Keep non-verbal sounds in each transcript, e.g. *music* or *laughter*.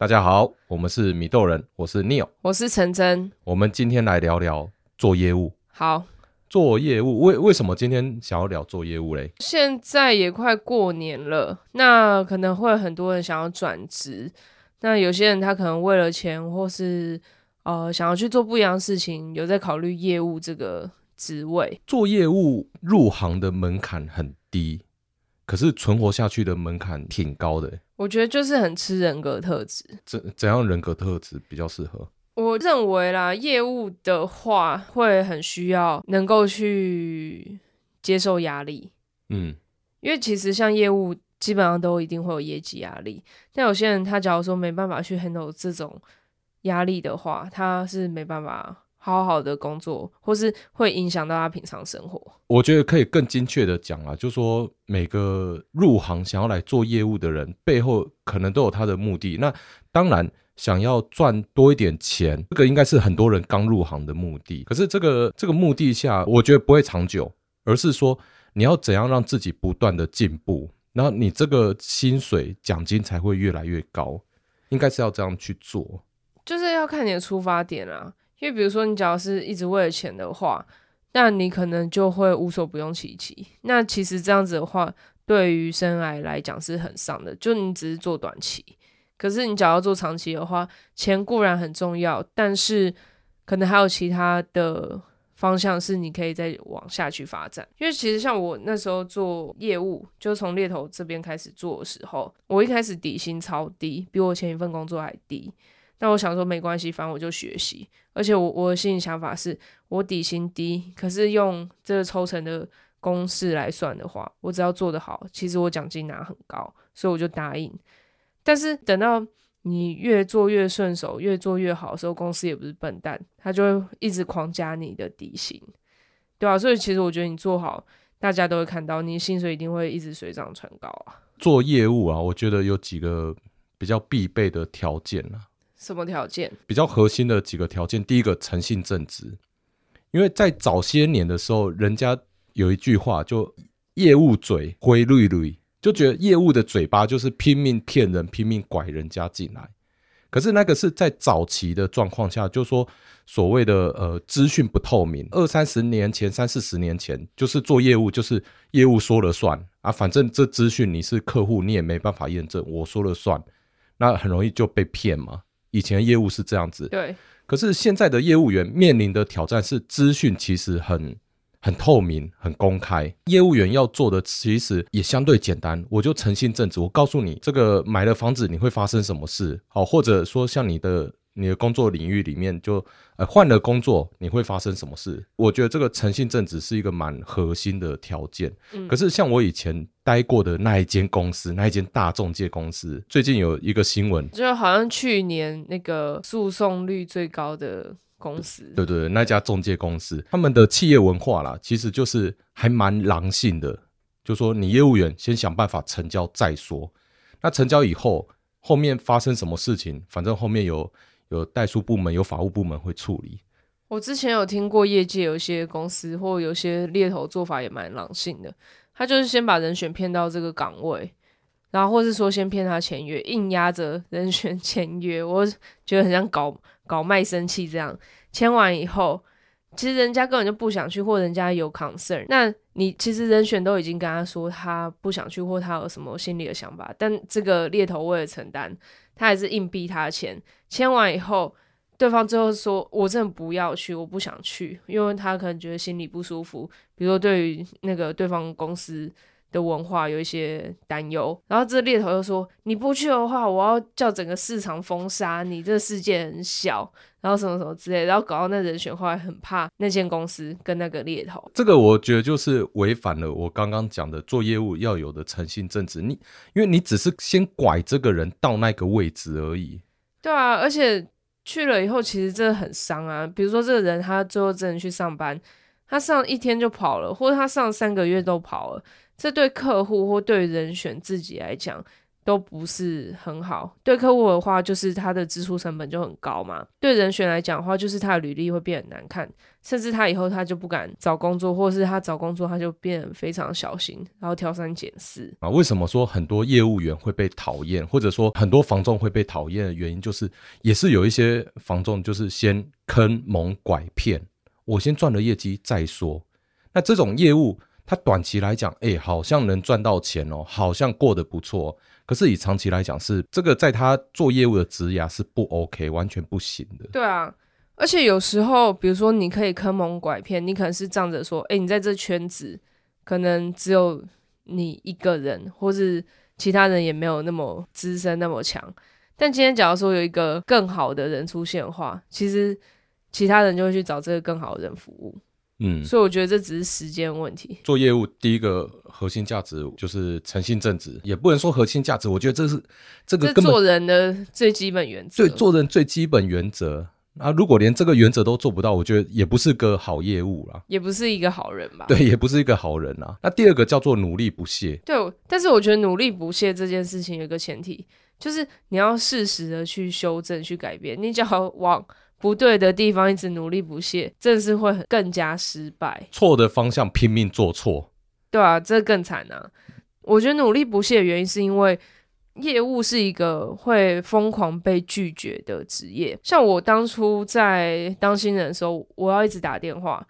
大家好，我們是米豆人，我是 Neo，我是陳蓁，我們今天來聊聊做業務。好，做業務，為為什麼今天想要聊做業務嘞？現在也快過年了，那可能會很多人想要轉職，那有些人他可能為了錢或是呃想要去做不一樣的事情，有在考慮業務這個職位。做業務入行的門檻很低。可是存活下去的門檻挺高的欸，我覺得就是很吃人格特質。怎怎樣人格特質比較適合？我認為啦，業務的話會很需要能夠去接受壓力，嗯，因為其實像業務基本上都一定會有業績壓力，但有些人他假如說沒辦法去 handle 這種壓力的話，他是沒辦法。好好的工作，或是會影響到他平常生活。我覺得可以更精確的講啊，就是說每個入行想要來做業務的人，背後可能都有他的目的。那當然，想要賺多一點錢，這個應該是很多人剛入行的目的。可是這個這個目的下，我覺得不會長久，而是說你要怎樣讓自己不斷的進步，然後你這個薪水獎金才會越來越高，應該是要這樣去做。就是要看你的出發點啊。因為比如說，你假如是一直為了錢的話，那你可能就會無所不用其極，那其實這樣子的話，對於生涯來講是很傷的。就你只是做短期，可是你假如要做長期的話，錢固然很重要，但是可能還有其他的方向是你可以再往下去發展。因為其實像我那時候做業務，就從獵頭這邊開始做的時候，我一開始底薪超低，比我前一份工作還低。那我想說沒關係，反正我就學習。而且我我的心裡想法是我底薪低，可是用這個抽成的公式來算的話，我只要做得好，其實我獎金拿很高，所以我就答應。但是等到你越做越順手，越做越好的時候，公司也不是笨蛋，他就會一直狂加你的底薪，對啊，所以其實我覺得你做好，大家都會看到你薪水一定會一直水漲船高啊。做業務啊，我覺得有幾個比較必備的條件啊。什麼條件？比較核心的幾個條件，第一個誠信正直，因為在早些年的時候，人家有一句話，就業務嘴灰綠綠，就覺得業務的嘴巴就是拼命騙人，拼命拐人家進來。可是那個是在早期的狀況下，就說所謂的呃資訊不透明，二三十年前，三四十年前，就是做業務就是業務說了算啊，反正這資訊你是客戶，你也沒辦法驗證，我說了算，那很容易就被騙嘛。以前的業務是這樣子，對。可是現在的業務員面臨的挑戰是資訊其實很很透明、很公開，業務員要做的其實也相對簡單。我就誠信正直，我告訴你這個買了房子你會發生什麼事，好、哦，或者說像你的。你的工作領域裡面就，就呃換了工作，你會發生什麼事？我覺得這個誠信正直是一個蠻核心的條件。嗯。可是像我以前待過的那一間公司，那一間大仲介公司，最近有一個新聞，就好像去年那個訴訟率最高的公司，對對對，那家仲介公司，對，他們的企業文化啦，其實就是還蠻狼性的，就說你業務員先想辦法成交再說，那成交以後，後面發生什麼事情，反正後面有。有代書部門，有法務部門會處理。我之前有聽過業界有些公司或有些獵頭做法也蠻狼性的，他就是先把人選騙到這個崗位，然後或是說先騙他簽約，硬壓着人選簽約。我覺得很像搞搞賣身契這樣，簽完以後。其實人家根本就不想去，或人家有 concern。那你其實人選都已經跟他說他不想去，或他有什麼心理的想法。但這個獵頭為了承擔，他還是硬逼他簽。簽完以後，對方最後說：“我真的不要去，我不想去，因為他可能覺得心裡不舒服，比如說對於那個對方公司的文化有一些擔憂。”然後這獵頭又說：“你不去的話，我要叫整個市場封殺你。這個世界很小。”然後什麼什麼之類，然後搞到那人選後來很怕那間公司跟那個獵頭。這個我覺得就是違反了我剛剛講的做業務要有的誠信正直。你因為你只是先拐這個人到那個位置而已。對啊，而且去了以後其實這很傷啊。比如說這個人他最後真的去上班，他上一天就跑了，或者他上三個月都跑了，這對客戶或對人選自己來講。都不是很好。對客戶的話，就是他的支出成本就很高嘛。對人選來講的話，就是他的履歷會變很難看，甚至他以後他就不敢找工作，或者是他找工作他就變非常小心，然後挑三揀四啊。為什麼說很多業務員會被討厭，或者說很多房仲會被討厭的原因，就是也是有一些房仲就是先坑蒙拐騙，我先賺了業績再說。那這種業務，他短期來講，哎，好像能賺到錢哦，好像過得不錯哦。可是以長期來講，是這個在他做業務的職涯是不 OK，完全不行的。對啊，而且有時候，比如說你可以坑蒙拐騙，你可能是仗着說，哎、欸，你在這圈子可能只有你一個人，或是其他人也沒有那麼資深那麼強。但今天假如說有一個更好的人出現的話，其實其他人就會去找這個更好的人服務。嗯，所以我覺得這只是時間問題。做業務第一個核心價值就是誠信正直，也不能說核心價值，我覺得這是這個這做人的最基本原則。對，做人最基本原則啊，如果連這個原則都做不到，我覺得也不是個好業務啦、啊，也不是一個好人吧？對，也不是一個好人啦、啊。那第二個叫做努力不懈。對，但是我覺得努力不懈這件事情有個前提，就是你要適時的去修正、去改變，你只要往。不對的地方，一直努力不懈，正是會更加失敗。錯的方向拼命做錯，對啊，這更慘啊！我覺得努力不懈的原因，是因為業務是一個會瘋狂被拒絕的職業。像我當初在當新人的時候，我要一直打電話，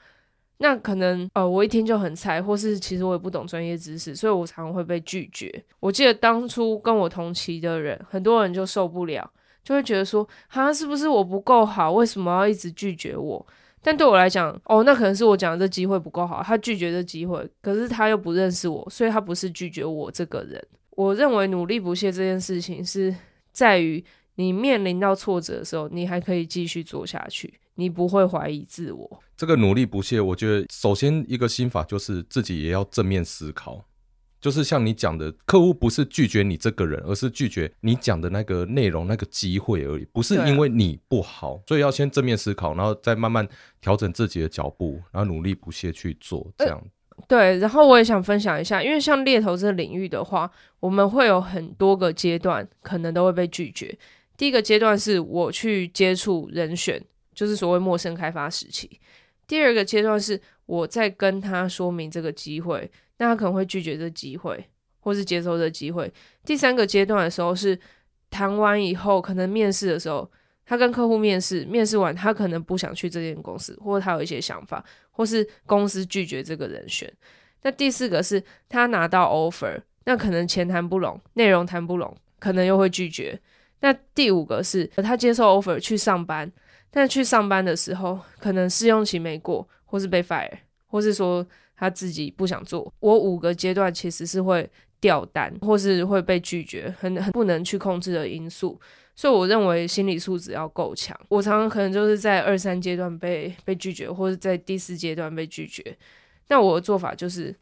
那可能呃，我一天就很菜，或是其實我也不懂專業知識，所以我常常會被拒絕。我記得當初跟我同期的人，很多人就受不了。就會覺得說，哈，是不是我不夠好？為什麼要一直拒絕我？但對我來講，哦，那可能是我講的這機會不夠好，他拒絕這機會，可是他又不認識我，所以他不是拒絕我這個人。我認為努力不懈這件事情是在於你面臨到挫折的時候，你還可以繼續做下去，你不會懷疑自我。這個努力不懈，我覺得首先一個心法就是自己也要正面思考。就是像你講的，客戶不是拒絕你這個人，而是拒絕你講的那個內容、那個機會而已，不是因為你不好，啊、所以要先正面思考，然後再慢慢調整自己的腳步，然後努力不懈去做這樣、呃。對，然後我也想分享一下，因為像獵頭這個領域的話，我們會有很多個階段，可能都會被拒絕。第一個階段是我去接觸人選，就是所謂陌生開發時期；第二個階段是我在跟他說明這個機會。那他可能會拒絕這機會，或是接受這機會。第三個階段的時候是談完以後，可能面試的時候，他跟客戶面試，面試完他可能不想去這間公司，或者他有一些想法，或是公司拒絕這個人選。那第四個是他拿到 offer，那可能錢談不攏，內容談不攏，可能又會拒絕。那第五個是他接受 offer 去上班，但去上班的時候，可能試用期沒過，或是被 fire，或是說。他自己不想做，我五個階段其實是會掉單，或是會被拒絕，很很不能去控制的因素。所以我認為心理素質要夠強。我常常可能就是在二三階段被被拒絕，或是在第四階段被拒絕。那我的做法就是，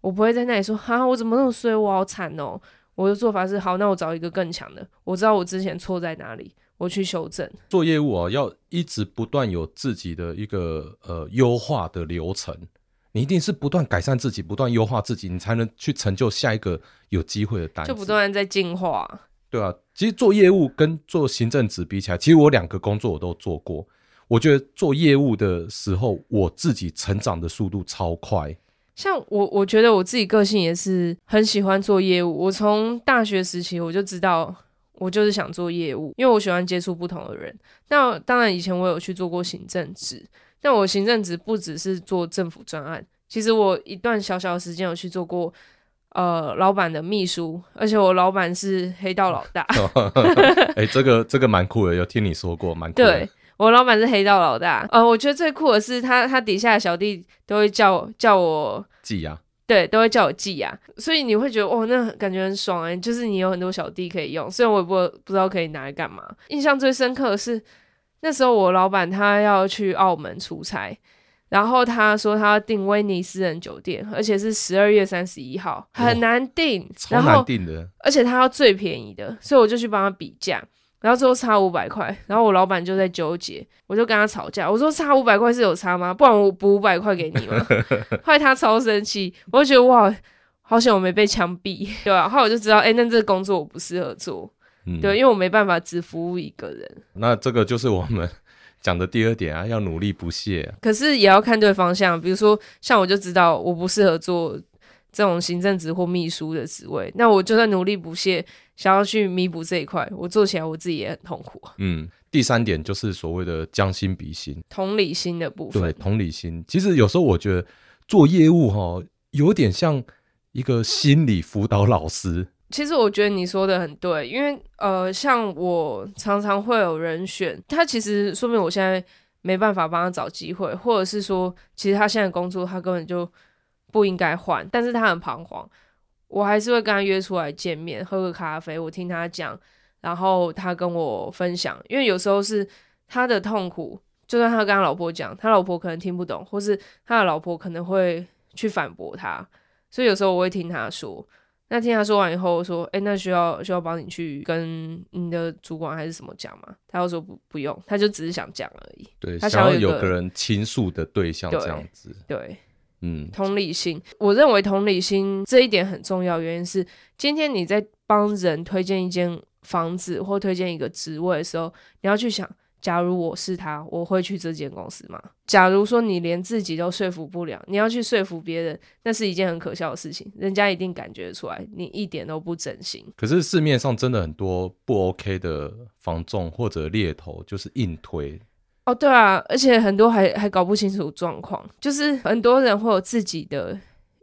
我不會在那裡說啊，我怎麼那麼衰，我好慘哦。我的做法是，好，那我找一個更強的。我知道我之前錯在哪裡，我去修正。做業務啊，要一直不斷有自己的一個呃優化的流程。你一定是不斷改善自己，不斷優化自己，你才能去成就下一個有機會的單。就不斷在進化，對啊。其實做業務跟做行政職比起來，其實我兩個工作我都做過。我覺得做業務的時候，我自己成長的速度超快。像我，我覺得我自己個性也是很喜歡做業務。我從大學時期我就知道，我就是想做業務，因為我喜歡接觸不同的人。那當然，以前我有去做過行政職。那我行政職不只是做政府專案，其實我一段小小的時間有去做過，呃，老闆的秘書，而且我老闆是黑道老大。哎 *laughs* 欸，這個這個蠻酷的，有聽你說過，蠻酷的。對，我老闆是黑道老大。呃，我覺得最酷的是他，他底下的小弟都會叫叫我記呀，啊、對，都會叫我記呀、啊。所以你會覺得哦，那感覺很爽哎、欸，就是你有很多小弟可以用。雖然我也不不知道可以拿來幹嘛。印象最深刻的是。那時候我老闆他要去澳門出差，然後他說他要訂威尼斯人酒店，而且是十二月三十一號，很難訂，哦、然後超難訂的，而且他要最便宜的，所以我就去幫他比價，然後最後差五百塊，然後我老板就在糾結，我就跟他吵架，我說差五百塊是有差嗎？不然我補五百塊給你了 *laughs* 後來他超生氣，我就覺得哇，好險我沒被槍斃，對吧、啊？後來我就知道，哎、欸，那這個工作我不適合做。嗯、對，因為我沒辦法只服務一個人。那這個就是我們講的第二點啊，要努力不懈、啊。可是也要看對方向，比如說像我就知道我不適合做這種行政職或秘書的職位，那我就算努力不懈，想要去彌補這一塊。我做起來我自己也很痛苦。嗯，第三點就是所謂的將心比心，同理心的部分。對，同理心，其實有時候我覺得做業務哈、哦，有點像一個心理輔導老師。其實我覺得你說的很對，因為呃，像我常常會有人選他，其實說明我現在沒辦法幫他找機會，或者是說，其實他現在工作他根本就不應該換，但是他很彷徨，我還是會跟他約出來見面喝個咖啡，我聽他講，然後他跟我分享，因為有時候是他的痛苦，就算他跟他老婆講，他老婆可能聽不懂，或是他的老婆可能會去反駁他，所以有時候我會聽他說。那聽他說完以後，我說，哎、欸，那需要需要幫你去跟你的主管還是什麼講嗎？他又說不不用，他就只是想講而已。對，他想要有個人傾訴的對象這樣子。對，對嗯，同理心，我認為同理心這一點很重要，原因是今天你在幫人推薦一間房子或推薦一個職位的時候，你要去想。假如我是他，我會去這間公司嗎？假如說你連自己都說服不了，你要去說服別人，那是一件很可笑的事情。人家一定感覺出來你一點都不真心。可是市面上真的很多不 OK 的房仲或者獵頭，就是硬推。哦，對啊，而且很多還還搞不清楚狀況，就是很多人會有自己的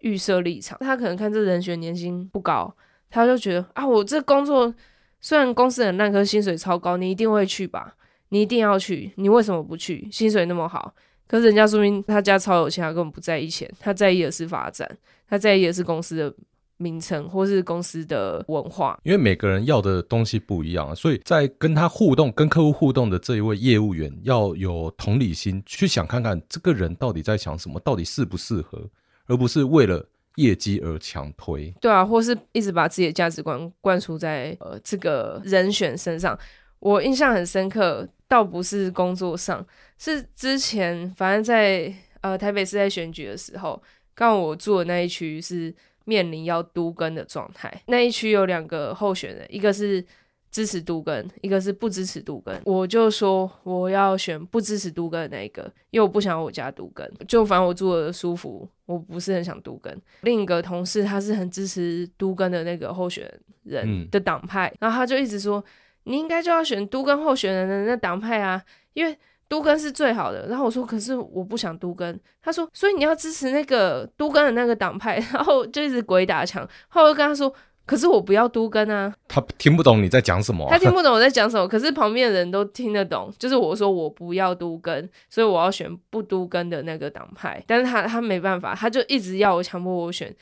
預設立場。他可能看這人選年薪不高，他就覺得啊，我這工作雖然公司很爛，可是薪水超高，你一定會去吧。你一定要去，你為什麼不去？薪水那麼好，可是人家說明他家超有錢，他根本不在意錢，他在意的是發展，他在意的是公司的名稱或是公司的文化。因為每個人要的東西不一樣，所以在跟他互動、跟客戶互動的這一位業務員要有同理心，去想看看這個人到底在想什麼，到底適不適合，而不是為了業績而強推。對啊，或是一直把自己的價值觀灌輸在呃這個人選身上。我印象很深刻，倒不是工作上，是之前反正在呃台北市，在選舉的時候，剛好我住的那一區是面臨要都更的狀態，那一區有兩個候選人，一個是支持都更，一個是不支持都更。我就說我要選不支持都更的那一個，因為我不想要我家都更。就反正我住的舒服，我不是很想都更。另一個同事他是很支持都更的那個候選人的黨派，嗯、然後他就一直說。你應該就要選都跟候選人的那黨派啊，因為都跟是最好的。然後我說，可是我不想都跟。他說，所以你要支持那個都跟的那個黨派。然後就一直鬼打牆。後來我跟他說，可是我不要都跟啊。他聽不懂你在講什麼啊，他聽不懂我在講什麼。 *laughs* 可是旁邊的人都聽得懂，就是我說我不要都跟，所以我要選不都跟的那個黨派。但是他他沒辦法，他就一直要我強迫我選。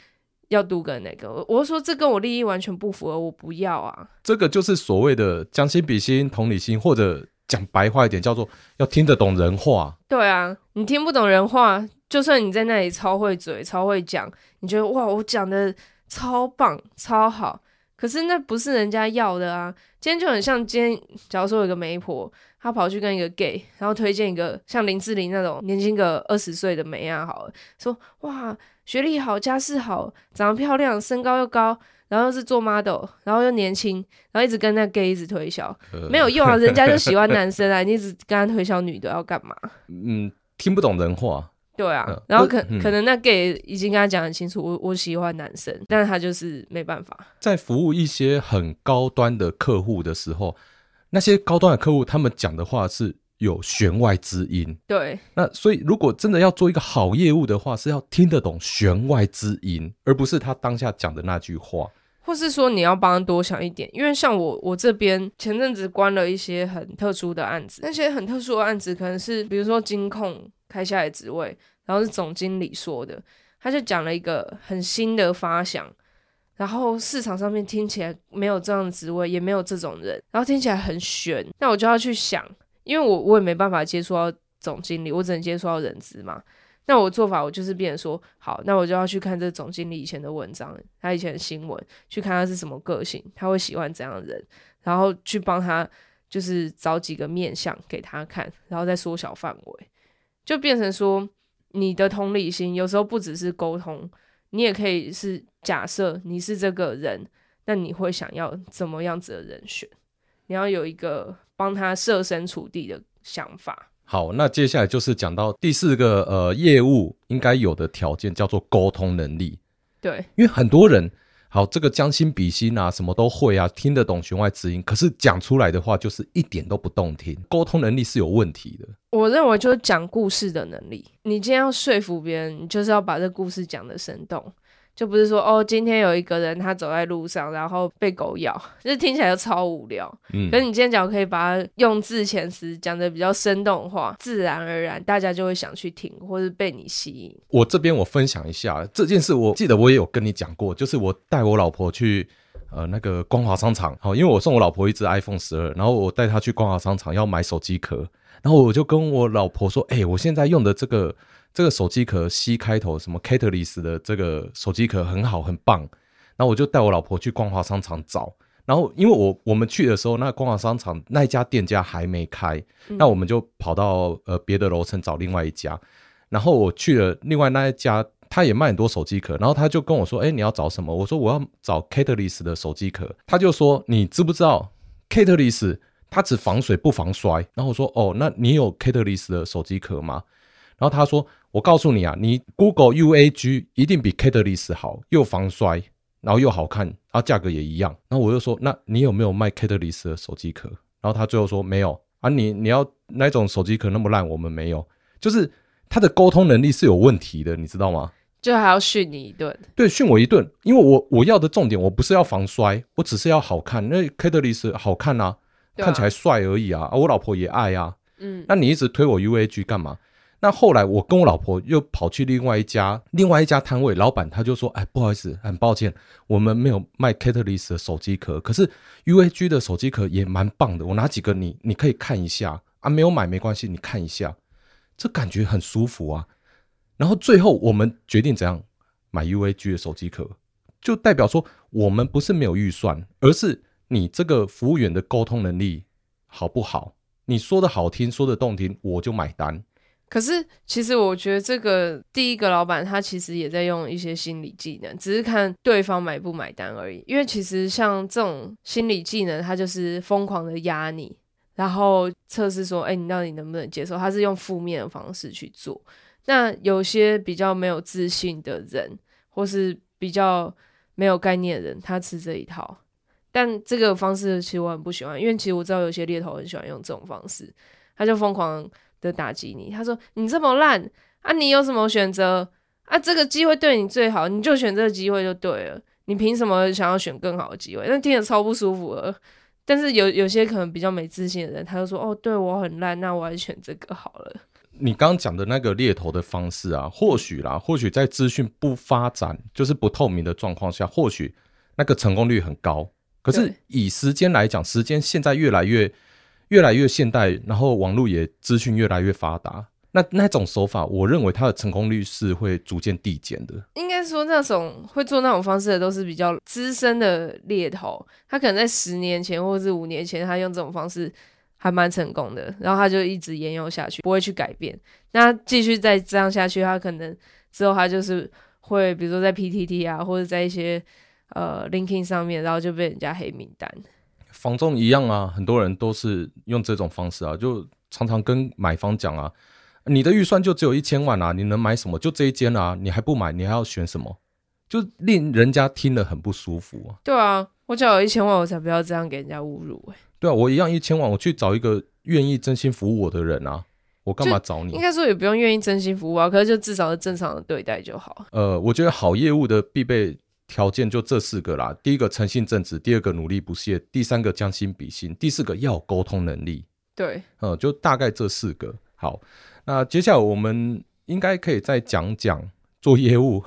要讀個那個，我我說，這跟我利益完全不符合，我不要啊。這個就是所謂的將心比心、同理心，或者講白話一點叫做要聽得懂人話。對啊，你聽不懂人話，就算你在那裡超會嘴、超會講，你覺得，哇，我講的超棒、超好。可是那不是人家要的啊！今天就很像今天，假如說有個媒婆，她跑去跟一個 gay，然後推薦一個像林志玲那種年輕個二十歲的美啊好，好說哇，學歷好，家世好，長得漂亮，身高又高，然後又是做 model，然後又年輕，然後一直跟那 gay 一直推銷，呃、沒有用啊！人家就喜歡男生啊， *laughs* 你一直跟他推銷女的要幹嘛？嗯，聽不懂人話。對啊，嗯、然後可、嗯、可能那 gay 已經跟他講很清楚，我我喜歡男生，但是他就是沒辦法。在服務一些很高端的客戶的時候，那些高端的客戶他們講的話是有弦外之音。對，那所以如果真的要做一個好業務的話，是要聽得懂弦外之音，而不是他當下講的那句話。或是說你要幫他多想一點，因為像我我這邊前陣子關了一些很特殊的案子，那些很特殊的案子可能是比如說金控。開下來的職位，然後是總經理說的，他就講了一個很新的發想，然後市場上面聽起來沒有這樣的職位，也沒有這種人，然後聽起來很玄，那我就要去想，因為我我也沒辦法接觸到總經理，我只能接觸到人資嘛，那我做法我就是變成說好，那我就要去看這總經理以前的文章，他以前的新聞，去看他是什麼個性，他會喜歡怎樣的人，然後去幫他就是找幾個面向給他看，然後再縮小範圍。就變成說，你的同理心有時候不只是溝通，你也可以是假設你是這個人，那你會想要怎麼樣子的人選？你要有一個幫他設身處地的想法。好，那接下來就是講到第四個呃，業務應該有的條件叫做溝通能力。對，因為很多人。好，這個將心比心啊，什麼都會啊，聽得懂弦外之音，可是講出來的話就是一點都不動聽，溝通能力是有問題的。我認為就是講故事的能力，你今天要說服別人，你就是要把這故事講得生動。就不是說哦，今天有一個人他走在路上，然後被狗咬，就是聽起來就超無聊。嗯，可是你今天講可以把它用字遣詞講的比較生動化，自然而然大家就會想去聽，或是被你吸引。我這邊我分享一下這件事，我記得我也有跟你講過，就是我帶我老婆去呃那個光華商場，好、哦，因為我送我老婆一支 iPhone 十二，然後我帶她去光華商場要買手機殼，然後我就跟我老婆說，哎、欸，我現在用的這個。這個手機殼 C 開頭什麼 Catalyst 的這個手機殼很好很棒，然後我就帶我老婆去光華商場找，然後因為我我們去的時候那光華商場那一家店家還沒開，嗯，那我們就跑到呃別的樓層找另外一家，然後我去了另外那一家，他也賣很多手機殼，然後他就跟我說：“哎，你要找什麼？”我說：“我要找 Catalyst 的手機殼。”他就說：“你知不知道 Catalyst 它只防水不防摔？”然後我說：“哦，那你有 Catalyst 的手機殼嗎？”然後他說：“我告訴你啊，你 Google U A G 一定比 Kateles 好，又防摔，然後又好看，然後啊價格也一樣。”然後我就說：“那你有沒有賣 Kateles 的手機殼？”然後他最後說：“沒有啊你，你你要哪種手機殼那麼爛，我們沒有。”就是他的溝通能力是有問題的，你知道嗎？就還要訓你一頓？對，訓我一頓，因為我我要的重點我不是要防摔，我只是要好看。那 Kateles 好看啊，啊看起來帥而已啊，啊，我老婆也愛啊。嗯，那你一直推我 U A G 幹嘛？那後來我跟我老婆又跑去另外一家，另外一家攤位，老闆他就說：“哎，不好意思，很抱歉，我們沒有賣 Catalyst 的手機殼，可是 UAG 的手機殼也蠻棒的，我拿幾個你，你可以看一下啊，沒有買沒關係，你看一下，這感覺很舒服啊。”然後最後我們決定怎樣買 UAG 的手機殼，就代表說我們不是沒有預算，而是你這個服務員的溝通能力好不好？你說的好聽，說的動聽，我就買單。可是，其實我覺得這個第一個老闆他其實也在用一些心理技能，只是看對方買不買單而已。因為其實像這種心理技能，他就是瘋狂的壓你，然後測試說：“哎，你到底能不能接受？”他是用負面的方式去做。那有些比較沒有自信的人，或是比較沒有概念的人，他吃這一套。但這個方式其實我很不喜歡，因為其實我知道有些獵頭很喜歡用這種方式，他就瘋狂。的打擊你，他說你這麼爛啊，你有什麼選擇啊？這個機會對你最好，你就選這個機會就對了。你憑什麼想要選更好的機會？那聽着超不舒服的。但是有有些可能比較沒自信的人，他就說哦，對我很爛，那我還是選這個好了。你剛剛講的那個獵頭的方式啊，或許啦，或許在資訊不發展、就是不透明的狀況下，或許那個成功率很高。可是以時間來講，時間現在越來越。越來越現代，然後網絡也資訊越來越發達，那那種手法，我認為它的成功率是會逐漸遞減的。應該說，那種會做那種方式的都是比較資深的獵頭，他可能在十年前或是五年前，他用這種方式還蠻成功的，然後他就一直沿用下去，不會去改變。那繼續再這樣下去，他可能之後他就是會，比如說在 PTT 啊，或者在一些呃 LinkedIn 上面，然後就被人家黑名單。房仲一樣啊，很多人都是用這種方式啊，就常常跟買方講啊，你的預算就只有一千萬啊，你能買什麼？就這一間啊，你還不買，你還要選什麼？就令人家聽了很不舒服啊。對啊，我只要有一千萬，我才不要這樣給人家侮辱欸。對啊，我一樣一千萬，我去找一個願意真心服務我的人啊，我幹嘛找你？應該說也不用願意真心服務啊，可是就至少是正常的對待就好。呃，我覺得好業務的必備。條件就這四個啦，第一個誠信正直，第二個努力不懈，第三個將心比心，第四個要有溝通能力。對，嗯，就大概這四個。好，那接下來我們應該可以再講講做業務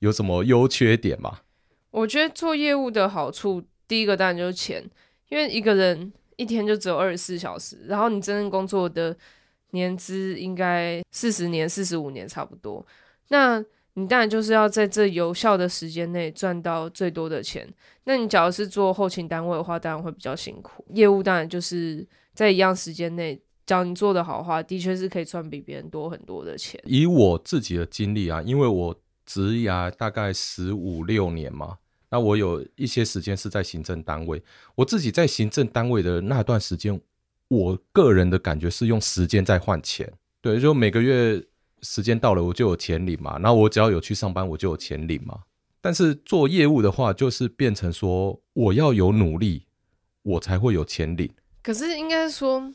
有什麼優缺點吧？我覺得做業務的好處，第一個當然就是錢，因為一個人一天就只有二十四小時，然後你真正工作的年資應該四十年，四十五年差不多。那你當然就是要在這有效的時間內賺到最多的錢。那你假如是做後勤單位的話，當然會比較辛苦。業務當然就是在一樣時間內，只要你做得好的話，的確是可以賺比別人多很多的錢。以我自己的經歷啊，因為我職涯大概十五六年嘛，那我有一些時間是在行政單位。我自己在行政單位的那段時間，我個人的感覺是用時間在換錢。對，就每個月。時間到了，我就有錢領嘛。然後我只要有去上班，我就有錢領嘛。但是做業務的話，就是變成說我要有努力，我才會有錢領。可是應該說，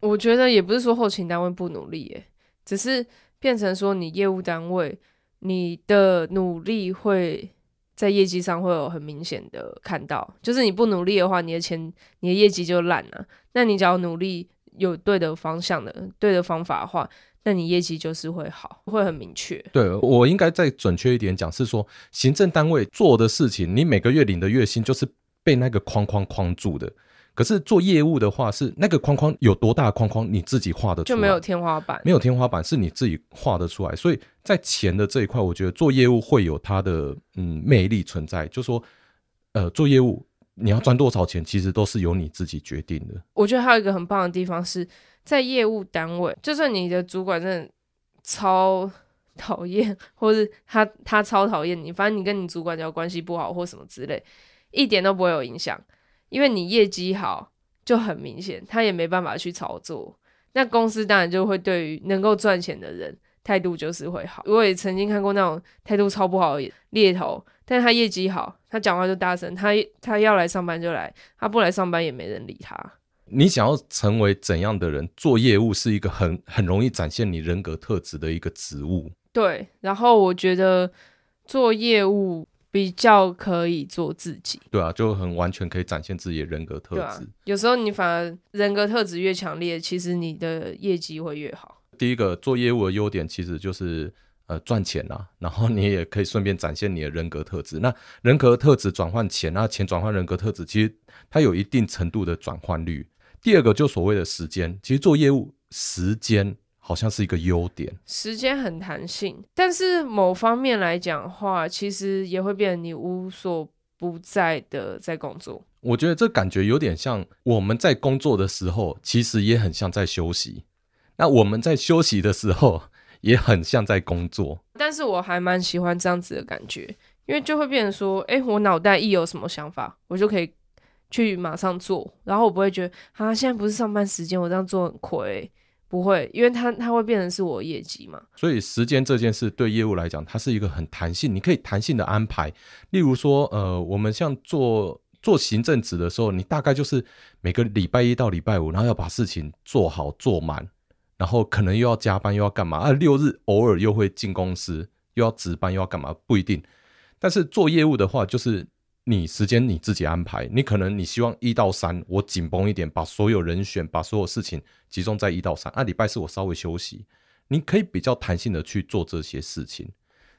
我覺得也不是說後勤單位不努力欸，只是變成說你業務單位，你的努力會在業績上會有很明顯的看到。就是你不努力的話，你的錢、你的業績就爛了啊。那你只要努力，有對的方向的、對的方法的話。那你業績就是會好，會很明確。對，我應該再準確一點講，是說行政單位做的事情，你每個月領的月薪就是被那個框框框住的。可是做業務的話，是那個框框有多大？框框你自己畫的，就沒有天花板，沒有天花板是你自己畫得出來。所以在錢的這一塊，我覺得做業務會有它的嗯魅力存在。就說呃，做業務你要賺多少錢，嗯、其實都是由你自己決定的。我覺得還有一個很棒的地方是，在業務單位，就算你的主管真的超討厭，或是他他超討厭你，反正你跟你主管只要關係不好或什麼之類，一點都不會有影響，因為你業績好就很明顯，他也沒辦法去操作。那公司當然就會對於能夠賺錢的人態度就是會好。我也曾經看過那種態度超不好的獵頭，但他業績好，他講話就大聲，他他要來上班就來，他不來上班也沒人理他。你想要成為怎樣的人？做業務是一個很很容易展現你人格特質的一個職務。對，然後我覺得做業務比較可以做自己。對啊，就很完全可以展現自己的人格特質。對啊，有時候你反而人格特質越強烈，其實你的業績會越好。第一個做業務的優點其實就是呃賺錢啊，然後你也可以順便展現你的人格特質。那人格特質轉換錢啊，那錢轉換人格特質，其實它有一定程度的轉換率。第二個就所謂的時間，其實做業務時間好像是一個優點，時間很彈性，但是某方面來講的話，其實也會變成你無所不在的在工作。我覺得這感覺有點像我們在工作的時候，其實也很像在休息；那我們在休息的時候，也很像在工作。但是我還蠻喜歡這樣子的感覺，因為就會變成說，欸，我腦袋一有什麼想法，我就可以。去馬上做，然後我不會覺得啊，現在不是上班時間，我這樣做很虧，不會，因為它他，他會變成是我業績嘛。所以時間這件事對業務來講，它是一個很彈性，你可以彈性的安排。例如說，呃，我們像做做行政職的時候，你大概就是每個禮拜一到禮拜五，然後要把事情做好做滿，然後可能又要加班又要幹嘛啊，六日偶爾又會進公司，又要值班又要幹嘛，不一定。但是做業務的話，就是。你時間你自己安排，你可能你希望一到三我緊繃一點，把所有人選，把所有事情集中在一到三，啊禮拜四我稍微休息，你可以比較彈性的去做這些事情，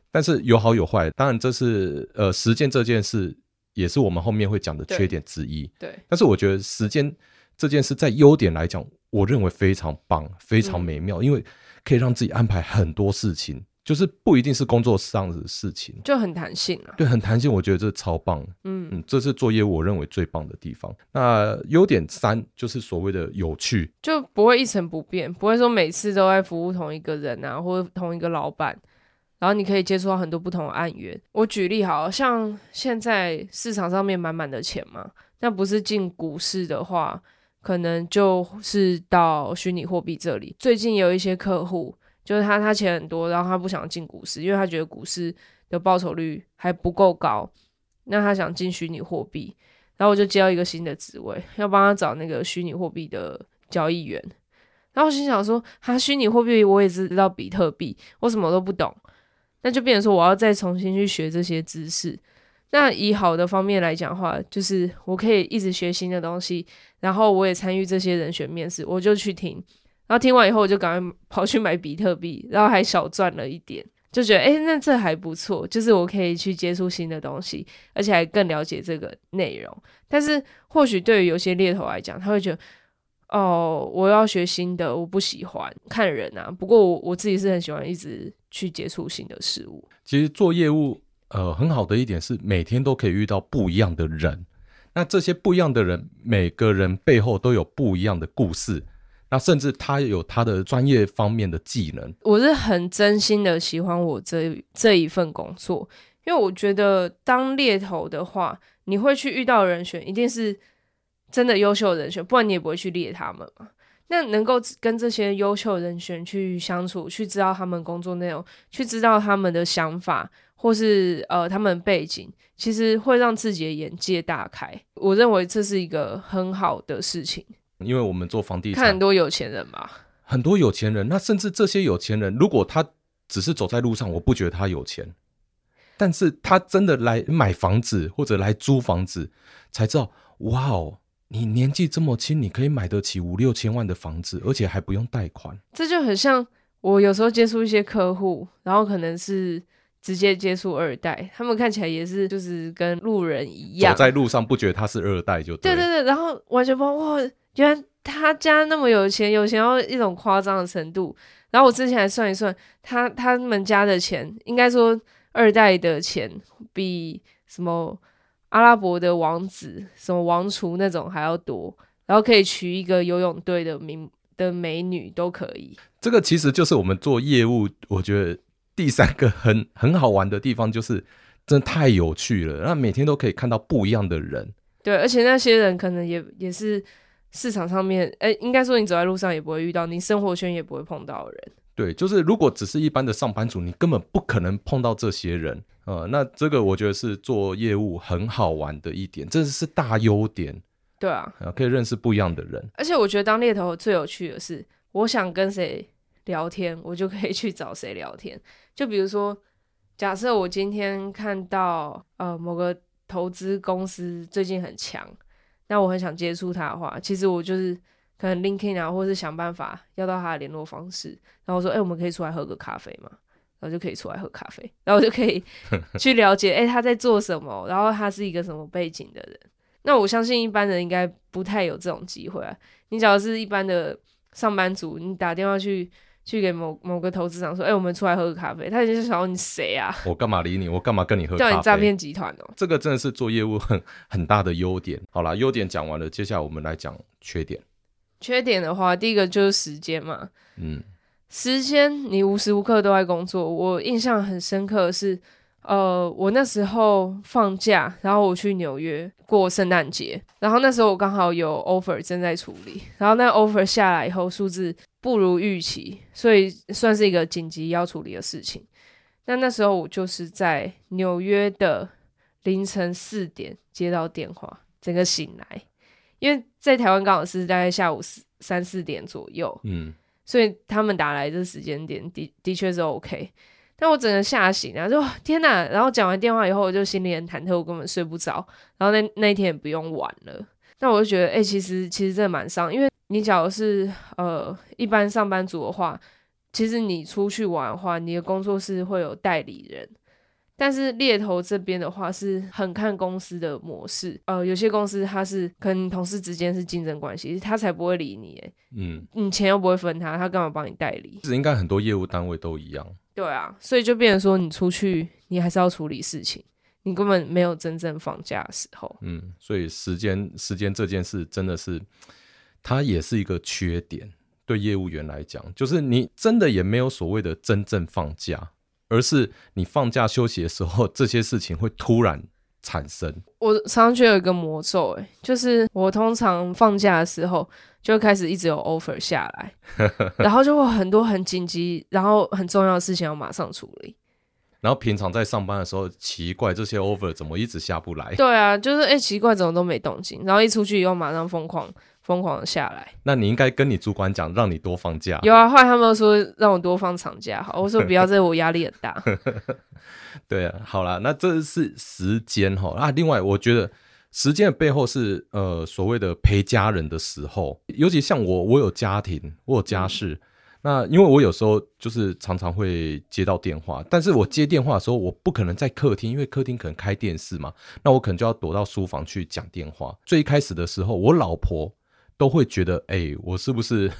但是有好有壞，當然這是呃時間這件事也是我們後面會講的缺點之一，對，對但是我覺得時間這件事在優點來講，我認為非常棒，非常美妙，嗯、因為可以讓自己安排很多事情。就是不一定是工作上的事情，就很彈性啊。對，很彈性，我覺得這超棒。嗯，嗯，這是做業務我認為最棒的地方。那優點三就是所謂的有趣，就不會一成不變，不會說每次都在服務同一個人啊，或者同一個老闆，然後你可以接觸到很多不同的案源。我舉例好，好像現在市場上面滿滿的錢嘛，那不是進股市的話，可能就是到虛擬貨幣這裡。最近有一些客戶。就是他，他錢很多，然後他不想進股市，因為他覺得股市的報酬率還不夠高。那他想進虛擬貨幣，然後我就接到一個新的職位，要幫他找那個虛擬貨幣的交易員。然後我心想說，他、啊、虛擬貨幣，我也只知道比特幣，我什麼都不懂，那就變成說我要再重新去學這些知識。那以好的方面來講的話，就是我可以一直學新的東西，然後我也參與這些人選面試，我就去聽。然後聽完以後，我就趕快跑去買比特幣，然後還小賺了一點，就覺得哎、欸，那這還不錯，就是我可以去接觸新的東西，而且還更了解這個內容。但是或許對於有些獵頭來講，他會覺得哦，我要學新的，我不喜歡看人啊。不過我我自己是很喜歡一直去接觸新的事物。其實做業務，呃，很好的一點是每天都可以遇到不一樣的人，那這些不一樣的人，每個人背後都有不一樣的故事。那甚至他有他的專業方面的技能，我是很真心的喜歡我這這一份工作，因為我覺得當獵頭的話，你會去遇到的人選，一定是真的優秀的人選，不然你也不會去獵他們嘛。那能夠跟這些優秀人選去相處，去知道他們工作內容，去知道他們的想法，或是呃他們背景，其實會讓自己的眼界大開。我認為這是一個很好的事情。因為我們做房地產，看很多有錢人嘛，很多有錢人。那甚至這些有錢人，如果他只是走在路上，我不覺得他有錢，但是他真的來買房子或者來租房子，才知道哇哦，你年紀這麼輕，你可以買得起五六千萬的房子，而且還不用貸款。這就很像我有時候接觸一些客戶，然後可能是直接接觸二代，他們看起來也是就是跟路人一樣走在路上，不覺得他是二代就對對，對對，然後完全不哇。因為他家那麼有錢，有錢到一種誇張的程度。然後我之前還算一算，他他們家的錢，應該說二代的錢，比什麼阿拉伯的王子、什麼王儲那種還要多。然後可以娶一個游泳隊的名的美女都可以。這個其實就是我們做業務，我覺得第三個很很好玩的地方，就是真的太有趣了。那每天都可以看到不一樣的人。對，而且那些人可能也也是。市場上面，哎、欸，應該說你走在路上也不會遇到，你生活圈也不會碰到的人。對，就是如果只是一般的上班族，你根本不可能碰到這些人。呃，那這個我覺得是做業務很好玩的一點，這是大優點。對啊、呃，可以認識不一樣的人。而且我覺得當獵頭最有趣的是，我想跟誰聊天，我就可以去找誰聊天。就比如說，假設我今天看到呃某個投資公司最近很強。那我很想接觸他的話，其實我就是可能 LinkedIn 啊，或是想辦法要到他的聯絡方式，然後我說，誒、欸，我們可以出來喝個咖啡嗎？然後就可以出來喝咖啡，然後我就可以去了解，誒、 *laughs* 欸，他在做什麼，然後他是一個什麼背景的人。那我相信一般人應該不太有這種機會啊。你假如是一般的上班族，你打電話去。去給某某個投資長說，哎、欸，我們出來喝個咖啡。他直是就想說你誰啊？我幹嘛理你？我幹嘛跟你喝咖啡？叫你詐騙集團哦。這個真的是做業務很很大的優點。好啦，優點講完了，接下來我們來講缺點。缺點的話，第一個就是時間嘛。嗯，時間你無時無刻都在工作。我印象很深刻的是，呃，我那時候放假，然後我去紐約過聖誕節，然後那時候我剛好有 offer 正在處理，然後那 offer 下來以後，數字。不如預期，所以算是一個緊急要處理的事情。那那時候我就是在紐約的凌晨四點接到電話，整個醒來，因為在台灣剛好是大概下午四三四點左右，嗯，所以他們打來這時間點的的確是 OK，但我整個嚇醒，啊就啊，然後天吶，然後講完電話以後，我就心裡很忐忑，我根本睡不着。然後那那一天也不用玩了，那我就覺得，哎、欸，其實其實真的蠻傷，因為。你假如是呃一般上班族的話，其實你出去玩的話，你的工作室會有代理人。但是獵頭這邊的話，是很看公司的模式。呃，有些公司他是跟同事之間是競爭關係，他才不會理你。哎，嗯，你錢又不會分他，他幹嘛幫你代理？是應該很多業務單位都一樣。對啊，所以就變成說，你出去你還是要處理事情，你根本沒有真正放假的時候。嗯，所以時間時間這件事真的是。它也是一個缺點，對業務員來講，就是你真的也沒有所謂的真正放假，而是你放假休息的時候，這些事情會突然產生。我常常覺得有一個魔咒誒，就是我通常放假的時候就開始一直有 offer 下來， *laughs* 然後就會很多很緊急，然後很重要的事情要馬上處理。然後平常在上班的時候，奇怪這些 offer 怎麼一直下不來？對啊，就是哎，奇怪怎麼都沒動靜，然後一出去以後馬上瘋狂。瘋狂下來，那你應該跟你主管講，讓你多放假。有啊，後來他們說讓我多放長假，好，我說不要，這我壓力很大。 *laughs* 對、啊，好啦，那這是時間哈啊。另外，我覺得時間的背後是呃所謂的陪家人的時候，尤其像我，我有家庭，我有家事。嗯、那因為我有時候就是常常會接到電話，但是我接電話的時候，我不可能在客廳，因為客廳可能開電視嘛，那我可能就要躲到書房去講電話。最一開始的時候，我老婆。都會覺得，哎、欸，我是不是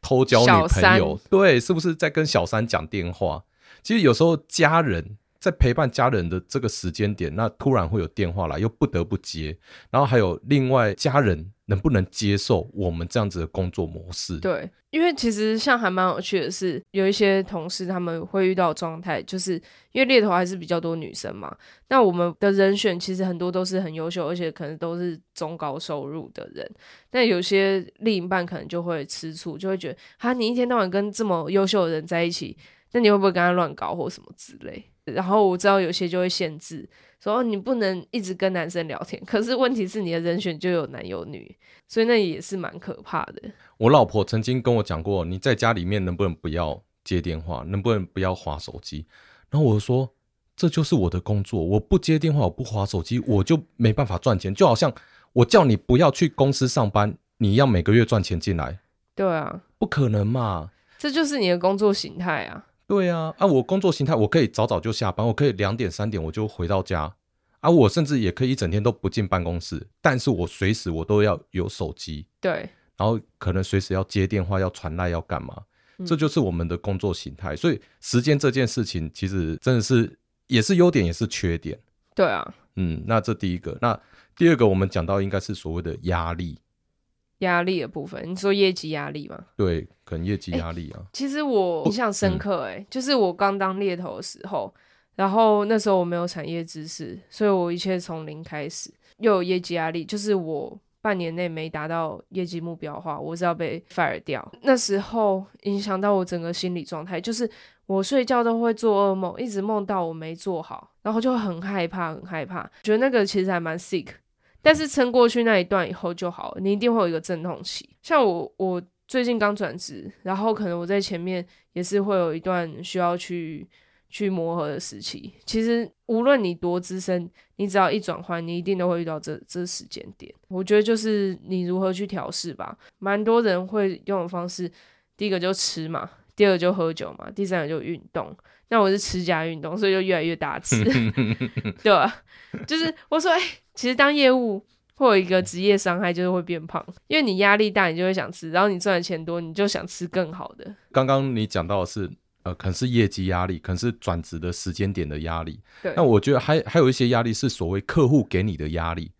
偷交女朋友？小三？對，是不是在跟小三講電話？其實有時候家人在陪伴家人的這個時間點，那突然會有電話來，又不得不接。然後還有另外家人，能不能接受我們這樣子的工作模式？對，因為其實像還蠻有趣的是，有一些同事他們會遇到狀態，就是因為獵頭還是比較多女生嘛。那我們的人選其實很多都是很優秀，而且可能都是中高收入的人。那有些另一半可能就會吃醋，就會覺得啊，你一天到晚跟這麼優秀的人在一起，那你會不會跟他亂搞或什麼之類？然後我知道有些就會限制，然後你不能一直跟男生聊天，可是問題是你的人選就有男有女，所以那也是蠻可怕的。我老婆曾經跟我講過，你在家裡面能不能不要接電話，能不能不要滑手機？然後我就說，這就是我的工作，我不接電話，我不滑手機，我就沒辦法賺錢。就好像我叫你不要去公司上班，你要每個月賺錢進來，對啊，不可能嘛，這就是你的工作形態啊。對啊，啊，我工作形態，我可以早早就下班，我可以兩點三點我就回到家，啊，我甚至也可以一整天都不進辦公室，但是我隨時我都要有手機，對，然後可能隨時要接電話，要傳賴，要幹嘛，嗯、這就是我們的工作形態，所以時間這件事情其實真的是也是優點也是缺點，對啊，嗯，那這第一個，那第二個我們講到應該是所謂的壓力。壓力的部分，你說業績壓力嗎？對，可能業績壓力啊。欸、其實我印象深刻、欸，哎不，就是我剛當獵頭的時候，嗯、然後那時候我沒有產業知識，所以我一切從零開始，又有業績壓力。就是我半年內沒達到業績目標的話，我是要被 fire 掉。那時候影響到我整個心理狀態，就是我睡覺都會做噩夢，一直夢到我沒做好，然後就很害怕，很害怕，覺得那個其實還蠻 sick。但是撐過去那一段以後就好了，你一定會有一個陣痛期。像我，我最近剛轉職，然後可能我在前面也是會有一段需要去去磨合的時期。其實無論你多資深，你只要一轉換，你一定都會遇到這這時間點。我覺得就是你如何去調適吧。蠻多人會用的方式，第一個就吃嘛，第二個就喝酒嘛，第三個就運動。那我是持家運動，所以就越來越大吃， *laughs* *laughs* 對吧、啊？就是我說，哎、欸，其實當業務會有一個職業傷害，就是會變胖，因為你壓力大，你就會想吃，然後你賺的錢多，你就想吃更好的。剛剛你講到的是，呃，可能是業績壓力，可能是轉職的時間點的壓力。對，那我覺得還還有一些壓力是所謂客戶給你的壓力。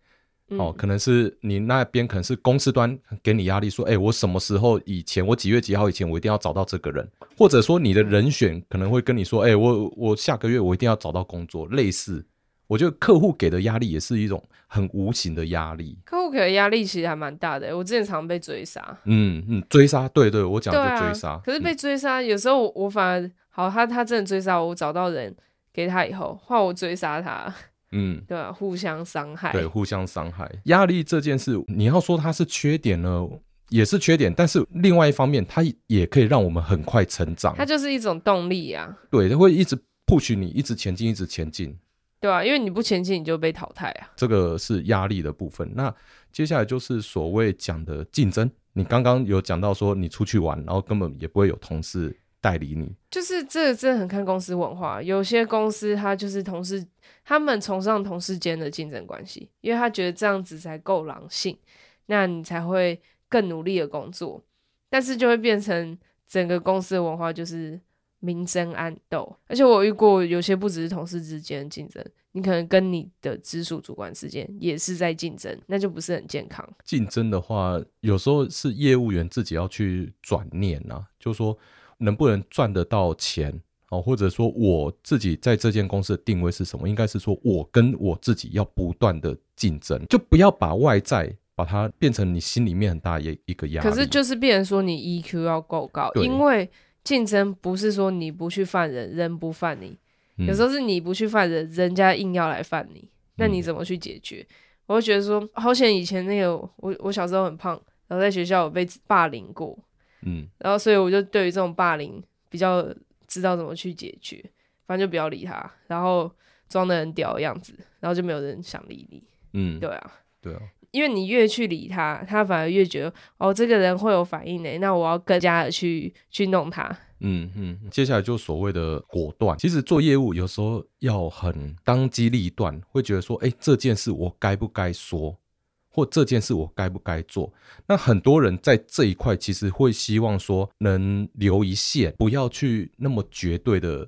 哦，可能是你那邊可能是公司端給你壓力，說，哎、欸，我什麼時候以前，我幾月幾號以前，我一定要找到這個人，或者說你的人選可能會跟你說，哎、欸，我我下個月我一定要找到工作，類似，我覺得客戶給的壓力也是一種很無形的壓力。客戶給的壓力其實還蠻大的、欸，我之前常被追殺。嗯嗯，追殺，對，對對，我講的、啊、追殺。可是被追殺、嗯、有時候我，我反而好，他他真的追殺我，我找到人給他以後，換我追殺他。嗯，對、啊、互相傷害，對，互相傷害。壓力這件事，你要說它是缺點呢，也是缺點；但是另外一方面，它也可以讓我們很快成長。它就是一種動力呀、啊。對，它會一直 push 你，一直前進，一直前進。對啊，因為你不前進，你就被淘汰啊。這個是壓力的部分。那接下來就是所謂講的競爭。你剛剛有講到說，你出去玩，然後根本也不會有同事。代理你就是這這很看公司文化。有些公司他就是同事，他們崇尚同事間的競爭關係，因為他覺得這樣子才夠狼性，那你才會更努力的工作。但是就會變成整個公司的文化就是明爭暗鬥。而且我遇過有些不只是同事之間競爭，你可能跟你的直屬主管之間也是在競爭，那就不是很健康。競爭的話，有時候是業務員自己要去轉念啊，就說。能不能賺得到錢？哦，或者說我自己在這間公司的定位是什麼？應該是說，我跟我自己要不斷的競爭，就不要把外在把它變成你心裡面很大一一個樣。可是就是變成說你 EQ 要夠高，對因為競爭不是說你不去犯人，人不犯你，嗯、有時候是你不去犯人，人家硬要來犯你，那你怎麼去解決？嗯、我會覺得說，好像以前那個我，我小時候很胖，然後在學校我被霸凌過。嗯，然後所以我就對於這種霸凌比較知道怎麼去解決，反正就不要理他，然後裝的很屌的樣子，然後就沒有人想理你。嗯，對啊，對啊，因為你越去理他，他反而越覺得哦，這個人會有反應呢。那我要更加的去去弄他。嗯嗯，接下來就所謂的果斷，其實做業務有時候要很當機立斷，會覺得說，哎，這件事我該不該說？或這件事我該不該做？那很多人在這一塊其實會希望說能留一線，不要去那麼絕對的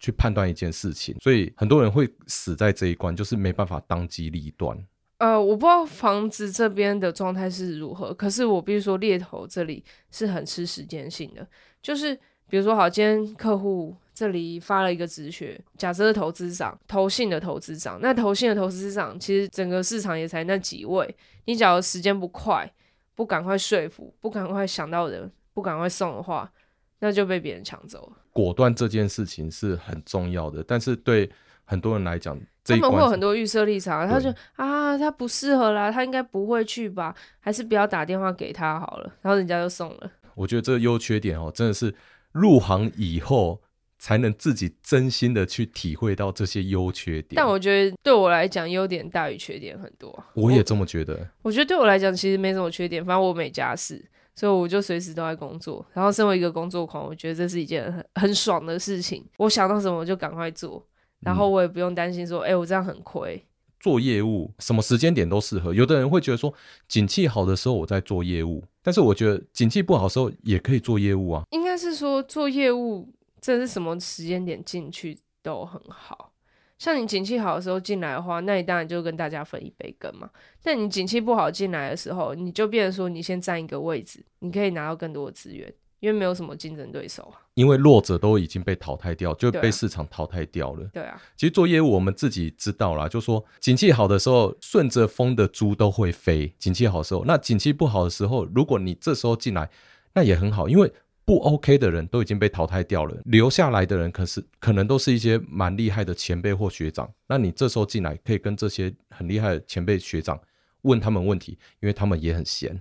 去判斷一件事情，所以很多人會死在這一關，就是沒辦法當機立斷。呃，我不知道房子這邊的狀態是如何，可是我必須說獵頭這裡是很吃時間性的，就是比如說好，今天客戶，這裡發了一個職缺，假設是投資長，投信的投資長，那投信的投資長其實整個市場也才那幾位，你假如時間不快，不趕快說服，不趕快想到人，不趕快送的話，那就被別人搶走了。果斷這件事情是很重要的，但是對很多人來講，他們會有很多預設立場，對他就啊，他不適合啦，他應該不會去吧，還是不要打電話給他好了，然後人家就送了。我覺得這個優缺點哦、喔，真的是入行以後，才能自己真心的去體會到這些優缺點。但我覺得對我來講，優點大於缺點很多，啊。我也這麼覺得。我覺得對我來講，其實沒什麼缺點。反正我沒家事，所以我就隨時都在工作。然後身為一個工作狂，我覺得這是一件很很爽的事情。我想到什麼就趕快做，然後我也不用擔心說，嗯、哎，我這樣很虧。做業務什麼時間點都適合。有的人會覺得說，景氣好的時候我在做業務，但是我覺得景氣不好的時候也可以做業務啊。應該是說做業務。這是什麼時間點進去都很好，像你景氣好的時候進來的話，那你當然就跟大家分一杯羹嘛。但你景氣不好進來的時候，你就變成說你先佔一個位置，你可以拿到更多的資源，因為沒有什麼競爭對手啊。因為弱者都已經被淘汰掉，就被市場淘汰掉了。對啊，對啊，其實做業務我們自己知道啦，就說景氣好的時候，順着風的豬都會飛。景氣好的時候，那景氣不好的時候，如果你這時候進來，那也很好，因為。不 OK 的人都已經被淘汰掉了，留下來的人可是可能都是一些蠻厲害的前輩或學長。那你這時候進來，可以跟這些很厲害的前輩學長問他們問題，因為他們也很閒，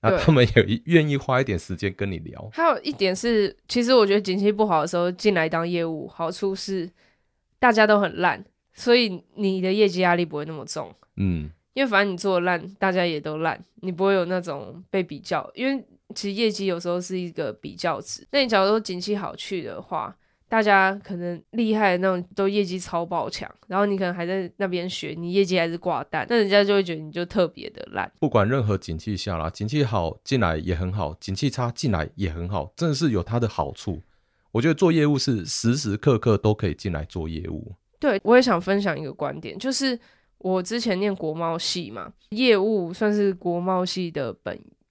那他們也願意花一點時間跟你聊。還有一點是，其實我覺得景氣不好的時候進來當業務，好處是大家都很爛，所以你的業績壓力不會那麼重。嗯，因為反正你做爛，大家也都爛，你不會有那種被比較，因為。其實業績有時候是一個比較值。那你假如說景氣好去的話，大家可能厲害的那種都業績超爆強，然後你可能還在那邊學，你業績還是掛蛋，那人家就會覺得你就特別的爛。不管任何景氣下啦，景氣好進來也很好，景氣差進來也很好，真的是有它的好處。我覺得做業務是時時刻刻都可以進來做業務。對，我也想分享一個觀點，就是我之前念國貿系嘛，業務算是國貿系的本業之一，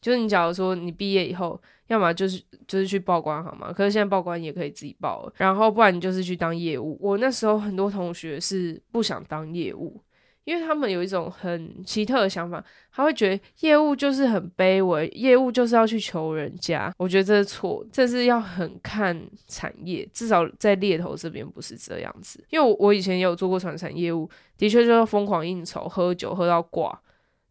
就是你。假如說你畢業以後，要麼就是就是去報關，好嗎？可是現在報關也可以自己報了，然後不然你就是去當業務。我那時候很多同學是不想當業務，因為他們有一種很奇特的想法，他會覺得業務就是很卑微，業務就是要去求人家。我覺得這是錯，這是要很看產業，至少在獵頭這邊不是這樣子。因為我,我以前也有做過傳產業務，的確就是瘋狂應酬、喝酒，喝到掛。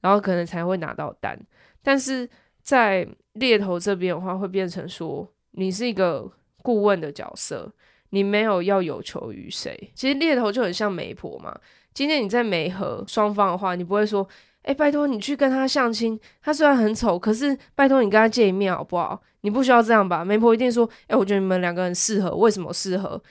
然後可能才會拿到單，但是在獵頭這邊的話，會變成說你是一個顧問的角色，你沒有要有求於誰。其實獵頭就很像媒婆嘛。今天你在媒合雙方的話，你不會說，哎、欸，拜托你去跟他相親，他雖然很醜，可是拜托你跟他見一面好不好？你不需要這樣吧？媒婆一定說，哎、欸，我覺得你們兩個人適合，為什麼適合？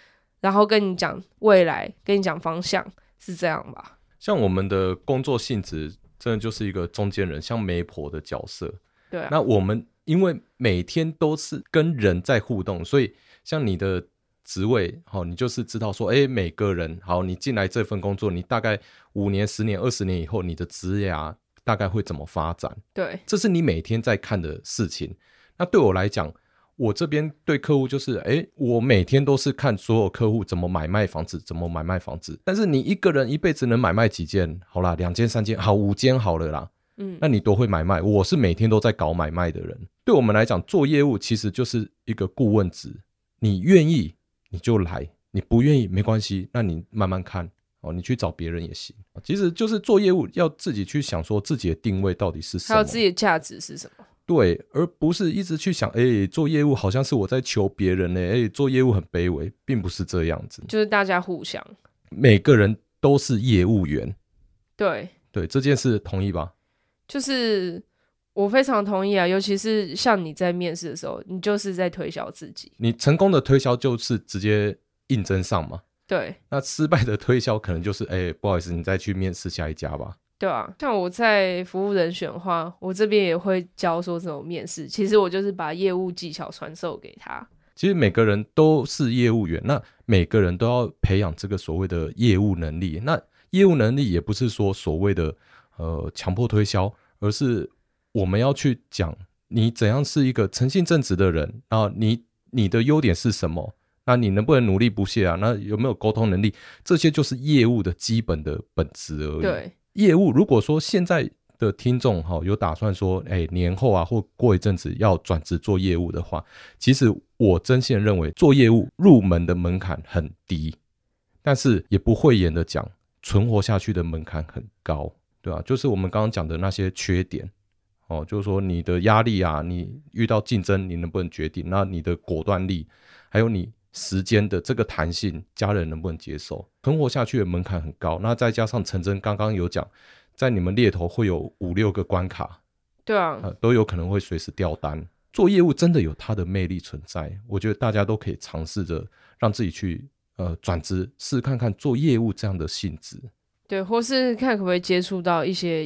然後跟你講未來，跟你講方向，是這樣吧？像我們的工作性質。真的就是一個中間人，像媒婆的角色。對、啊，那我們因為每天都是跟人在互動，所以像你的職位，好，你就是知道說，哎、欸，每個人，好，你進來這份工作，你大概五年、十年、二十年以後，你的職涯大概會怎麼發展？對，這是你每天在看的事情。那對我來講，我這邊對客戶就是，哎、欸，我每天都是看所有客戶怎麼買賣房子，怎麼買賣房子。但是你一個人一輩子能買賣幾間？好啦，兩間、三間，好，五間。好了啦。嗯，那你多會買賣？我是每天都在搞買賣的人。嗯、對我們來講，做業務其實就是一個顧問職，你願意你就來，你不願意沒關係，那你慢慢看哦。你去找別人也行。其實就是做業務要自己去想，說自己的定位到底是什麼，還有自己的價值是什麼。對，而不是一直去想，哎、欸，做業務好像是我在求別人呢、欸，哎、欸，做業務很卑微，並不是這樣子，就是大家互相，每個人都是業務員，對，對，這件事同意吧？就是我非常同意啊，尤其是像你在面試的時候，你就是在推銷自己，你成功的推銷就是直接應徵上嘛，對，那失敗的推銷可能就是，哎、欸，不好意思，你再去面試下一家吧。對啊，像我在服務人選的話，我這邊也會教說怎麼面試。其實我就是把業務技巧傳授給他。其實每個人都是業務員，那每個人都要培養這個所謂的業務能力。那業務能力也不是說所謂的呃強迫推銷，而是我們要去講你怎樣是一個誠信正直的人啊。然後，你你的優點是什麼？那你能不能努力不懈啊？那有沒有溝通能力？這些就是業務的基本的本質而已。對。業務，如果說現在的聽眾哈、哦、有打算說，哎年後啊或過一陣子要轉職做業務的話，其實我真心認為做業務入門的門檻很低，但是也不諱言的講，存活下去的門檻很高，對啊，就是我們剛剛講的那些缺點，哦，就是說你的壓力啊，你遇到競爭你能不能決定，那你的果斷力，還有你。時間的這個彈性，家人能不能接受？存活下去的門檻很高。那再加上陳蓁剛剛有講，在你們獵頭會有五六個關卡，對啊、呃，都有可能會隨時掉單。做業務真的有它的魅力存在，我覺得大家都可以嘗試着讓自己去呃轉職，試試看看做業務這樣的性質，對，或是看可不可以接觸到一些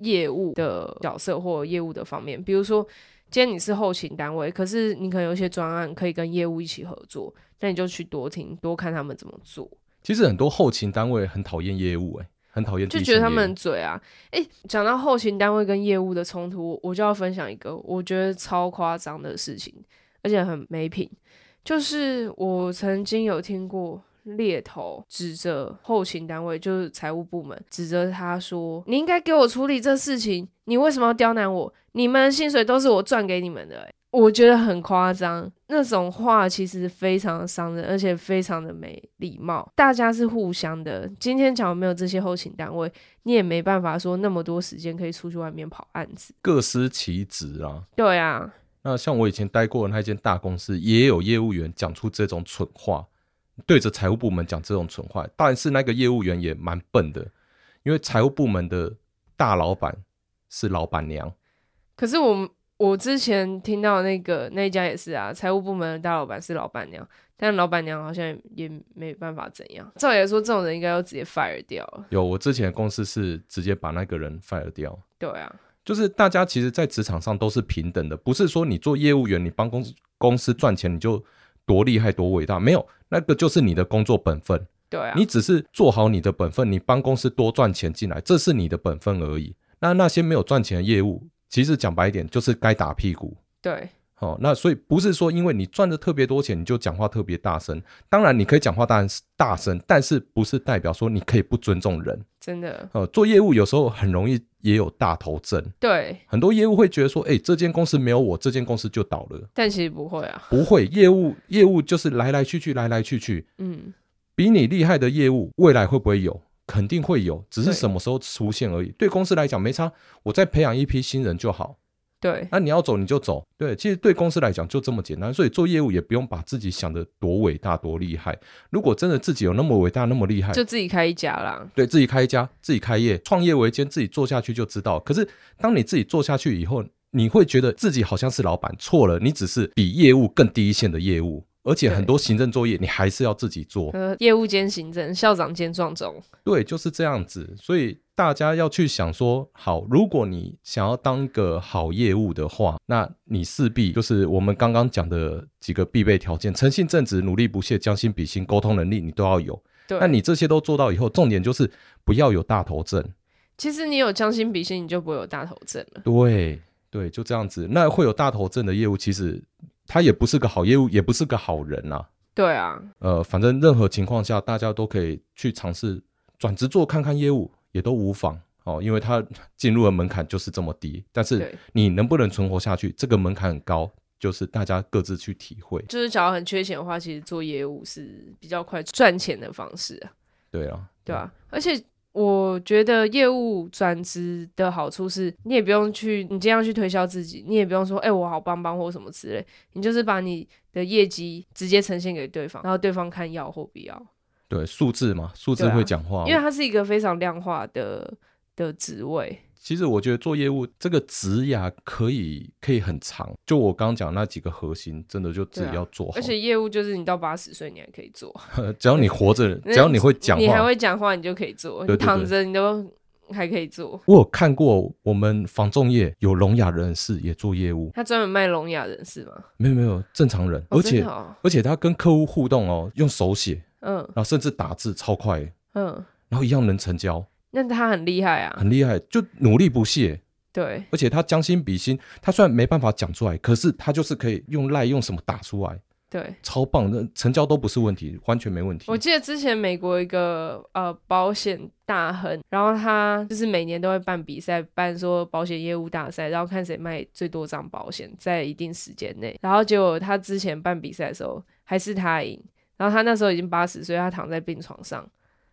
業務的角色或業務的方面，比如說。既然你是後勤單位，可是你可能有一些專案可以跟業務一起合作，那你就去多聽、多看他們怎麼做。其實很多後勤單位很討厭業務，欸，業務，哎，很討厭，就覺得他們嘴啊。哎、欸，講到後勤單位跟業務的衝突，我就要分享一個我覺得超誇張的事情，而且很沒品，就是我曾經有聽過。獵頭指着後勤單位，就是財務部門，指責他說：“你應該給我處理這事情，你為什麼要刁難我？你們薪水都是我賺給你們的，欸。”我覺得很誇張，那種話其實非常傷人，而且非常的沒禮貌。大家是互相的，今天假如沒有這些後勤單位，你也沒辦法說那麼多時間可以出去外面跑案子。各司其職啊，對啊。那像我以前待過的那一間大公司，也有業務員講出這種蠢話。對着財務部門講這種蠢話，但是那個業務員也蠻笨的，因為財務部門的大老板是老板娘。可是我我之前聽到那個那一家也是啊，財務部門的大老板是老板娘，但老板娘好像也沒辦法怎樣。照理來說，這種人應該要直接 fire 掉了。有，我之前的公司是直接把那個人 fire 掉。對啊，就是大家其實，在職場上都是平等的，不是說你做業務員，你幫公司公司賺錢，你就。多厲害，多偉大，沒有那個就是你的工作本分。對啊，你只是做好你的本分，你幫公司多賺錢進來，這是你的本分而已。那那些沒有賺錢的業務，其實講白一點就是該打屁股。對，好，哦，那所以不是說因為你賺的特別多錢，你就講話特別大聲。當然你可以講話，當然是大聲，但是不是代表說你可以不尊重人。真的，呃，做業務有時候很容易也有大頭症，對，很多業務會覺得說，誒、欸，這間公司沒有我，這間公司就倒了，但其實不會啊，不會，業務業務就是來來去去，來來去去，嗯，比你厲害的業務未來會不會有？肯定會有，只是什麼時候出現而已。對，對公司來講沒差，我再培養一批新人就好。對，那、啊、你要走你就走。對，其實對公司來講就這麼簡單，所以做業務也不用把自己想得多偉大、多厲害。如果真的自己有那麼偉大、那麼厲害，就自己開一家啦。對，自己開一家，自己開業，創業維艱，自己做下去就知道。可是當你自己做下去以後，你會覺得自己好像是老闆錯了，你只是比業務更低一線的業務，而且很多行政作業你還是要自己做。呃，業務兼行政，校長兼撞鐘。對，就是這樣子。所以。大家要去想說，好，如果你想要當個好業務的話，那你勢必就是我們剛剛講的幾個必備條件：誠信、正直、努力不懈、將心比心、溝通能力，你都要有。對，那你這些都做到以後，重點就是不要有大頭症。其實你有將心比心，你就不會有大頭症了。對對，就這樣子。那會有大頭症的業務，其實他也不是個好業務，也不是個好人啊。對啊。呃，反正任何情況下，大家都可以去嘗試轉職做看看業務。也都無妨哦，因為它進入的門檻就是這麼低，但是你能不能存活下去，這個門檻很高，就是大家各自去體會。就是假如很缺錢的話，其實做業務是比較快賺錢的方式啊。對啊，對啊。對。而且我覺得業務轉職的好處是，你也不用去，你這樣去推銷自己，你也不用說，哎、欸，我好棒棒或什麼之類，你就是把你的業績直接呈現給對方，然後對方看要或不要。對數字嘛，數字會講話，啊、因為它是一個非常量化的的職位。其實我覺得做業務這個職涯可以可以很長，就我剛，剛講那幾個核心，真的就只要做好、啊。而且業務就是你到八十歲你還可以做，只要你活着，對只要你會講話，你還會講話，你就可以做。對對對，你躺着你都還可以做。我有看過我們房仲業有聾啞人士也做業務，他專門賣聾啞人士嗎？沒有沒有，正常人。哦、而且好而且他跟客戶互動哦，用手寫。嗯，然後甚至打字超快，嗯，然後一樣能成交，那他很厲害啊，很厲害，就努力不懈，對，而且他將心比心，他雖然沒辦法講出來，可是他就是可以用賴用什麼打出來，對，超棒，那成交都不是問題，完全沒問題。我記得之前美國一個呃保險大亨，然後他就是每年都會辦比賽，辦說保險業務大賽，然後看誰賣最多張保險在一定時間內，然後結果他之前辦比賽的時候還是他贏，然後他那時候已經八十歲，他躺在病床上，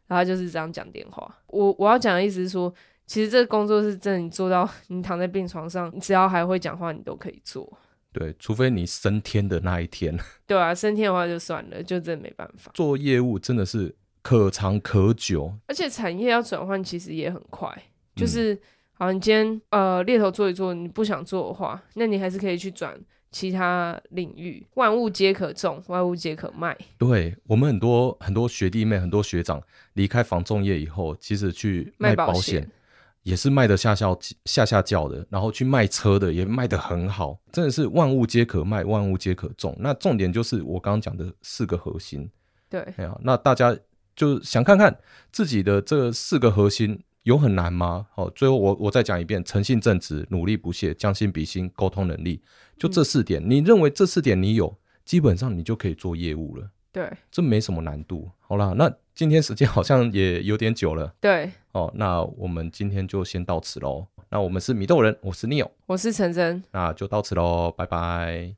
然後就是這樣講電話。我我要講的意思是說，其實這個工作是真的你做到你躺在病床上，你只要還會講話，你都可以做。對，除非你升天的那一天。對啊，升天的話就算了，就真的沒辦法。做業務真的是可長可久，而且產業要轉換其實也很快。就是，嗯，好，你今天呃獵頭做一做，你不想做的話，那你還是可以去轉。其他領域，萬物皆可種，萬物皆可賣。對，我們很多很多學弟妹、很多學長離開房仲業以後，其實去賣保險也是賣得下下，下下叫的，然後去賣車的也賣的很好，真的是萬物皆可賣，萬物皆可種。那重點就是我剛剛講的四個核心，對，對啊，那大家就想看看自己的這四個核心有很難嗎？好，最後我我再講一遍：誠信正直、努力不懈、將心比心、溝通能力。就這四點，你認為這四點你有，基本上你就可以做業務了。對，這沒什麼難度。好啦，那今天時間好像也有點久了。對，哦，那我們今天就先到此嘍。那我們是米豆人，我是 Neil，我是陳蓁，那就到此嘍，拜拜。